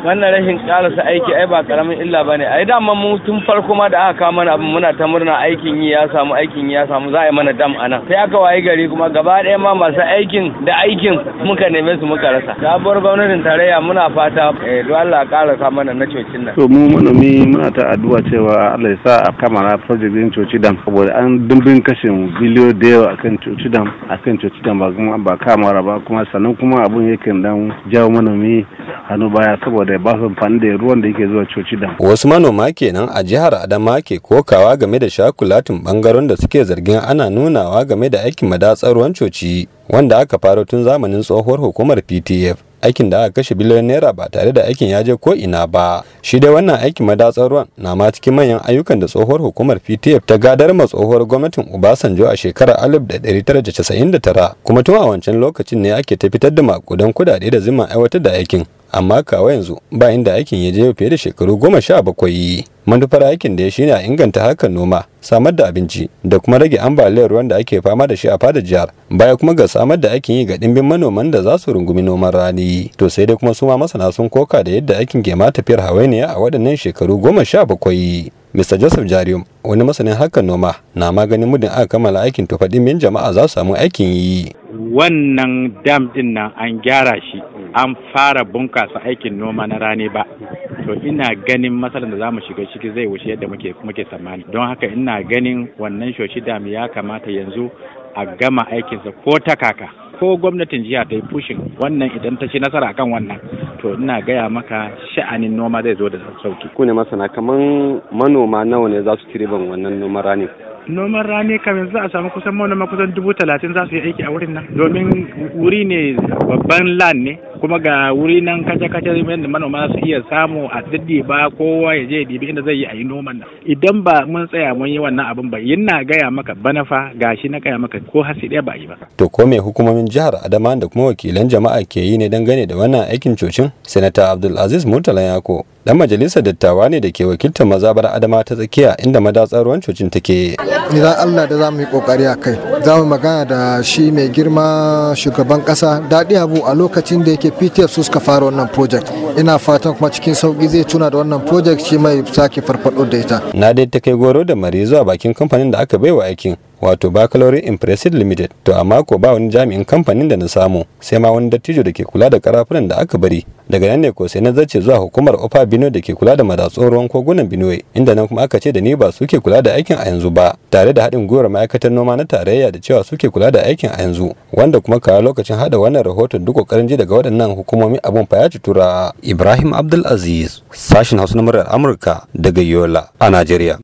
wannan rashin karasa aiki ai ba karamin illa ba ne ai dama mu tun farko ma da aka kawo mana abin muna ta murna aikin yi ya samu aikin yi ya samu za a yi mana dam anan nan sai aka wayi gari kuma gaba ɗaya ma masu aikin da aikin muka neme su muka rasa sabuwar gwamnatin tarayya muna fata eh don Allah karasa mana na cocin nan to mu manomi muna ta addu'a cewa Allah ya sa a kamara project din coci dam saboda an dimbin kashin biliyo da yawa akan coci dam akan coci dam ba kuma ba kamara ba kuma sannan kuma abun yake dan jawo manomi hannu baya saboda ba su amfani da ruwan da yake zuwa coci dam. Wasu manoma kenan a jihar Adama ke kokawa game da shakulatin bangaren da suke zargin ana nunawa game da aikin madatsar ruwan coci wanda aka faro tun zamanin tsohuwar hukumar PTF. aikin da aka kashe biliyon naira ba tare da aikin ya je ko ina ba shi dai wannan aikin madatsar ruwan na ma cikin manyan ayyukan da tsohuwar hukumar PTF ta gadar ma tsohuwar gwamnatin Obasanjo a shekarar alif da da da tara casa'in tara, kuma tun a wancan lokacin ne ake ta fitar da makudan kudade da zuma aiwatar da aikin amma kawa yanzu ba inda aikin ya je fiye da shekaru goma sha bakwai manufar aikin da ya shine a inganta hakan noma samar da abinci da kuma rage ambaliyar ruwan da ake fama da shi a fadar jihar baya kuma ga samar da aikin yi ga dimbin manoman da za su rungumi noman rani to sai dai kuma su ma masana sun koka da yadda aikin ke ma tafiyar hawainiya a waɗannan shekaru goma sha bakwai Mr. Joseph Jarium wani masanin hakan noma na maganin mudin aka kammala aikin to dimbin jama'a za su samu aikin yi. Wannan dam din nan an gyara shi an fara bunkasa aikin noma na rani ba to ina ganin matsalar da zamu shiga ciki zai wuce yadda muke muke tsammani don haka ina ganin wannan shoshi dami ya kamata yanzu a gama aikinsa ko ta kaka ko gwamnatin jiya ta yi fushin wannan idan ta ci nasara kan wannan to ina gaya maka sha'anin noma zai zo da sauki ku ne masana kaman manoma nawa ne za su ci riban wannan noman rani noman rani kam yanzu a samu kusan manoma kusan dubu talatin za su yi aiki a wurin nan domin wuri ne babban land ne kuma ga wuri nan kace-kace da manoma su iya samu a ba kowa ya je dibi inda zai yi a yi noman nan idan ba mun tsaya mun yi wannan abin ba yin na gaya maka banafa gashi na gaya maka ko hasi ɗaya ba yi ba to ko me hukumomin jihar adama da kuma wakilan jama'a ke yi ne dangane da wannan aikin cocin sanata abdulaziz murtala yako dan majalisar dattawa ne da ke wakiltar mazabar adama ta tsakiya inda madatsar ruwan cocin take idan allah da za mu yi kokari a kai za mu magana da shi mai girma shugaban kasa daɗi abu a lokacin da yake ptf su suka fara wannan project ina fatan kuma cikin sauki zai tuna da wannan project shi mai sake farfado da ita na dai ta kai goro da mari zuwa bakin kamfanin da aka baiwa aikin wato bakalori impressive limited to amma ko ba wani jami'in kamfanin da na samu sai ma wani dattijo da ke kula da karafunan da aka bari daga nan ne ko sai na zace zuwa hukumar ofa bino da ke kula da madatsun ruwan kogunan binuwe inda nan kuma aka ce da ni ba suke kula da aikin a yanzu ba tare da haɗin gwiwar ma'aikatar noma na tarayya da cewa suke kula da aikin a yanzu wanda kuma kawo lokacin hada wannan rahoton duk kokarin ji daga waɗannan hukumomi abun fa ya ci tura ibrahim abdulaziz sashin hausa na murar amurka daga yola a najeriya